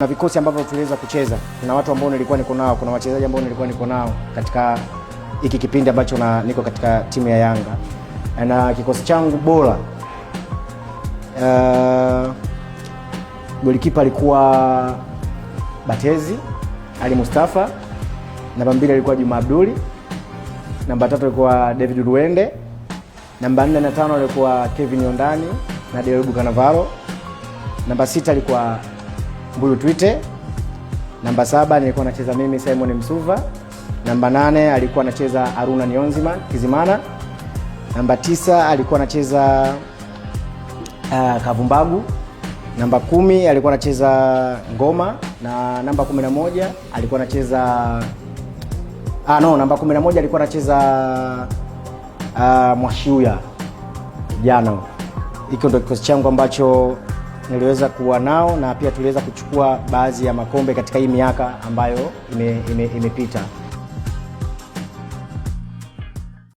na vikosi ambavyo tuliweza kucheza na watu ambao nilikuwa niko nao, kuna wachezaji ambao nilikuwa niko nao katika hiki kipindi ambacho na niko katika timu ya Yanga na kikosi changu bora uh, eh, golikipa alikuwa Batezi Ali Mustafa, namba mbili alikuwa Juma Abduli, namba tatu alikuwa David Luende, namba nne na tano alikuwa Kevin Yondani na Diego Canavaro, namba sita alikuwa Mbuyu Twite. Namba saba nilikuwa nacheza mimi Simon Msuva. Namba nane alikuwa anacheza Aruna Nionzima Kizimana. Namba tisa alikuwa anacheza uh, Kavumbagu. Namba kumi alikuwa anacheza Ngoma na namba kumi na moja alikuwa anacheza ah, no, namba kumi na moja alikuwa anacheza uh, mwashuya jana. Hiko ndio kikosi changu ambacho niliweza kuwa nao na pia tuliweza kuchukua baadhi ya makombe katika hii miaka ambayo imepita ime, ime